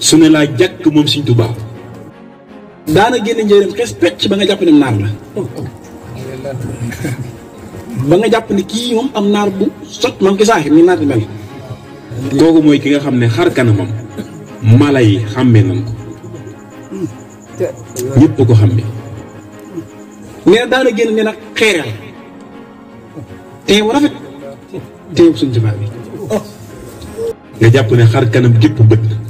su ne laa jàkk moom Sëñ Tuubaa daana génn njëriñ xes pecc ba nga jàpp ne naar ba nga jàpp ne kii moom am naar bu sot moom ki saaxir ni naar di mel kooku mooy ki nga xam ne xar kanamam mala yi xàmmee nañ ko ñëpp ko xàmmee nee na daana génn ne nag xeereel teew rafet teew Sëñ Tuubaa bi nga jàpp ne xar kanam gépp bët na